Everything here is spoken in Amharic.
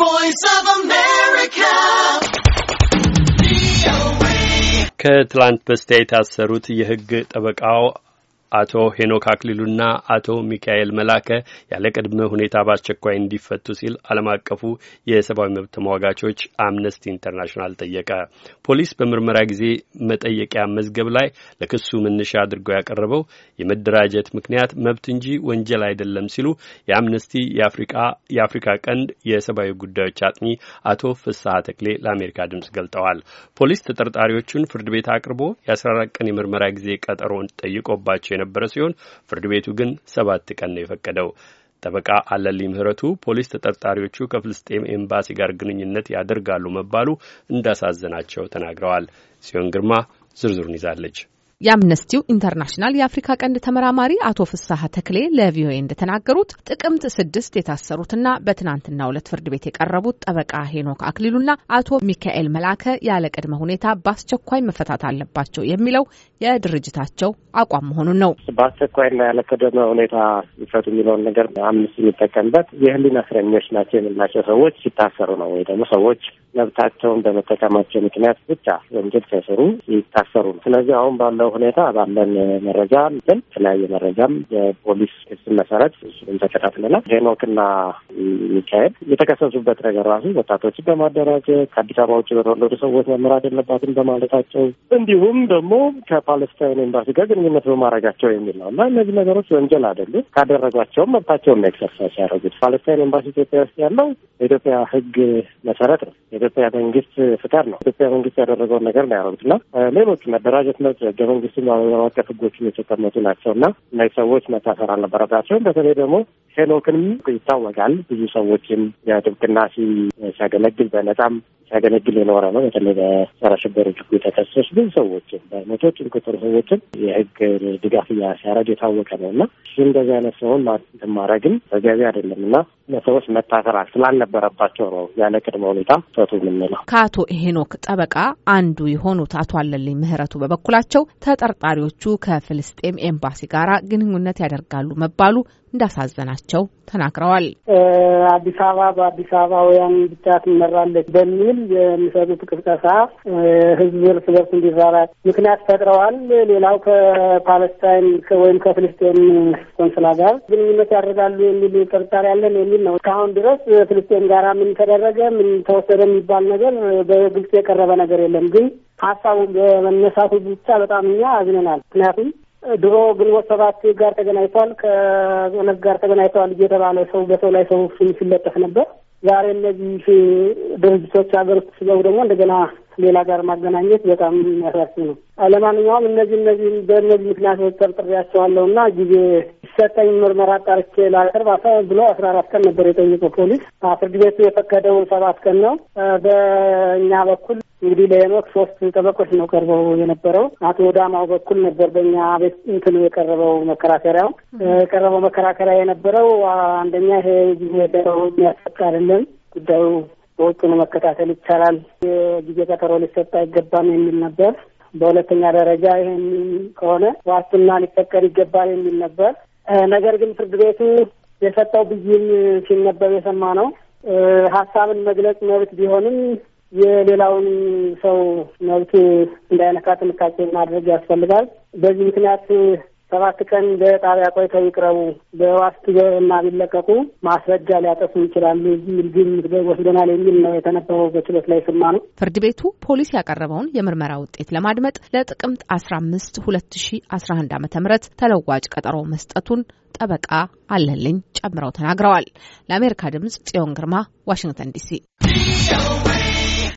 voice of America. ከትላንት በስቲያ የታሰሩት የህግ ጠበቃው አቶ ሄኖክ አክሊሉና አቶ ሚካኤል መላከ ያለ ቅድመ ሁኔታ በአስቸኳይ እንዲፈቱ ሲል ዓለም አቀፉ የሰብአዊ መብት ተሟጋቾች አምነስቲ ኢንተርናሽናል ጠየቀ። ፖሊስ በምርመራ ጊዜ መጠየቂያ መዝገብ ላይ ለክሱ መነሻ አድርጎ ያቀረበው የመደራጀት ምክንያት መብት እንጂ ወንጀል አይደለም ሲሉ የአምነስቲ የአፍሪካ ቀንድ የሰብአዊ ጉዳዮች አጥኚ አቶ ፍስሐ ተክሌ ለአሜሪካ ድምጽ ገልጠዋል። ፖሊስ ተጠርጣሪዎቹን ፍርድ ቤት አቅርቦ የ14 ቀን የምርመራ ጊዜ ቀጠሮን ጠይቆባቸው የነበረ ሲሆን ፍርድ ቤቱ ግን ሰባት ቀን ነው የፈቀደው። ጠበቃ አለልኝ ምህረቱ ፖሊስ ተጠርጣሪዎቹ ከፍልስጤም ኤምባሲ ጋር ግንኙነት ያደርጋሉ መባሉ እንዳሳዘናቸው ተናግረዋል። ጽዮን ግርማ ዝርዝሩን ይዛለች። የአምነስቲው ኢንተርናሽናል የአፍሪካ ቀንድ ተመራማሪ አቶ ፍሳሀ ተክሌ ለቪኦኤ እንደተናገሩት ጥቅምት ስድስት የታሰሩትና በትናንትና ሁለት ፍርድ ቤት የቀረቡት ጠበቃ ሄኖክ አክሊሉና አቶ ሚካኤል መላከ ያለ ቅድመ ሁኔታ በአስቸኳይ መፈታት አለባቸው የሚለው የድርጅታቸው አቋም መሆኑን ነው። በአስቸኳይና ያለ ቅድመ ሁኔታ ይፈቱ የሚለውን ነገር አምነስቲ የሚጠቀምበት የህሊና እስረኞች ናቸው የምንላቸው ሰዎች ሲታሰሩ ነው ወይ ደግሞ ሰዎች መብታቸውን በመጠቀማቸው ምክንያት ብቻ ወንጀል ሳይሰሩ ይታሰሩ ነው። ስለዚህ አሁን ባለው ሁኔታ ባለን መረጃ እንትን የተለያየ መረጃም የፖሊስ ክስ መሰረት እሱም ተከታትለናል። ሄኖክና ሚካኤል የተከሰሱበት ነገር ራሱ ወጣቶችን በማደራጀት ከአዲስ አበባ ውጭ በተወለዱ ሰዎች መመራት የለባትም በማለታቸው እንዲሁም ደግሞ ከፓለስታይን ኤምባሲ ጋር ግንኙነት በማድረጋቸው የሚል ነው እና እነዚህ ነገሮች ወንጀል አይደሉም። ካደረጓቸውም መብታቸውን ኤክሰርሳይዝ ያደረጉት ፓለስታይን ኤምባሲ ኢትዮጵያ ውስጥ ያለው የኢትዮጵያ ሕግ መሰረት ነው። የኢትዮጵያ መንግስት ፍቃድ ነው። ኢትዮጵያ መንግስት ያደረገውን ነገር ነው ያደረጉት እና ሌሎቹ መደራጀት መብት፣ መንግስትም ዓለም አቀፍ ህጎችን የተቀመጡ ናቸው እና እነዚህ ሰዎች መታሰር አልነበረባቸውም። በተለይ ደግሞ ሄኖክንም ይታወቃል ብዙ ሰዎችን የድብቅና ሲያገለግል በነጻም ያገለግል የኖረ ነው። በተለይ በጸረ ሽብር የተከሰሱ ብዙ ሰዎችን በመቶች ቁጥር ሰዎችን የህግ ድጋፍ ሲያረግ የታወቀ ነው እና እንደዚህ አይነት ሰውን ማድረግም በገቢ አይደለም እና ለሰዎች መታሰራል ስላልነበረባቸው ነው ያለ ቅድመ ሁኔታ ፈቱ የምንለው። ከአቶ ሄኖክ ጠበቃ አንዱ የሆኑት አቶ አለልኝ ምህረቱ በበኩላቸው ተጠርጣሪዎቹ ከፍልስጤም ኤምባሲ ጋራ ግንኙነት ያደርጋሉ መባሉ እንዳሳዘናቸው ተናግረዋል። አዲስ አበባ በአዲስ አበባውያን ብቻ ትመራለች በሚል የሚሰጡት ቅስቀሳ ህዝብ እርስ በርስ እንዲራራቅ ምክንያት ፈጥረዋል። ሌላው ከፓለስታይን ወይም ከፍልስጤን ቆንስላ ጋር ግንኙነት ያደርጋሉ የሚል ጥርጣሬ ያለን የሚል ነው። እስካሁን ድረስ ፍልስጤን ጋር ምን ተደረገ፣ ምን ተወሰደ የሚባል ነገር በግልጽ የቀረበ ነገር የለም። ግን ሀሳቡ በመነሳቱ ብቻ በጣም እኛ አዝነናል። ምክንያቱም ድሮ ግንቦት ሰባት ጋር ተገናኝቷል፣ ከነት ጋር ተገናኝተዋል እየተባለ ሰው በሰው ላይ ሰው ሲለጠፍ ነበር። ዛሬ እነዚህ ድርጅቶች ሀገር ውስጥ ስገቡ ደግሞ እንደገና ሌላ ጋር ማገናኘት በጣም የሚያሳስብ ነው። ለማንኛውም እነዚህ እነዚህ በእነዚህ ምክንያቶች ጠርጥሬያቸዋለሁ እና ጊዜ ሲሰጠኝ ምርመራ ጣርቼ ላቅርብ ብሎ አስራ አራት ቀን ነበር የጠየቀው ፖሊስ። ፍርድ ቤቱ የፈቀደው ሰባት ቀን ነው። በእኛ በኩል እንግዲህ ለሄኖክ ሶስት ጠበቆች ነው ቀርበው የነበረው። አቶ ዳማው በኩል ነበር በእኛ ቤት እንትን የቀረበው መከራከሪያው የቀረበው መከራከሪያ የነበረው አንደኛ ይሄ ጊዜ ቀጠሮ የሚያሰጥ አይደለም፣ ጉዳዩ በውጭ ነው መከታተል ይቻላል፣ የጊዜ ቀጠሮ ሊሰጥ አይገባም የሚል ነበር። በሁለተኛ ደረጃ ይህን ከሆነ ዋስትና ሊፈቀድ ይገባል የሚል ነበር። ነገር ግን ፍርድ ቤቱ የሰጠው ብይን ሲነበብ የሰማ ነው ሀሳብን መግለጽ መብት ቢሆንም የሌላውን ሰው መብት እንዳይነካ ጥንቃቄ ማድረግ ያስፈልጋል። በዚህ ምክንያት ሰባት ቀን በጣቢያ ቆይተው ይቅረቡ፣ በዋስት ቢለቀቁ ማስረጃ ሊያጠፉ ይችላሉ የሚል ግምት ወስደናል የሚል ነው የተነበበው በችሎት ላይ ስማ ነው። ፍርድ ቤቱ ፖሊስ ያቀረበውን የምርመራ ውጤት ለማድመጥ ለጥቅምት አስራ አምስት ሁለት ሺ አስራ አንድ አመተ ምህረት ተለዋጭ ቀጠሮ መስጠቱን ጠበቃ አለልኝ ጨምረው ተናግረዋል። ለአሜሪካ ድምጽ ጽዮን ግርማ ዋሽንግተን ዲሲ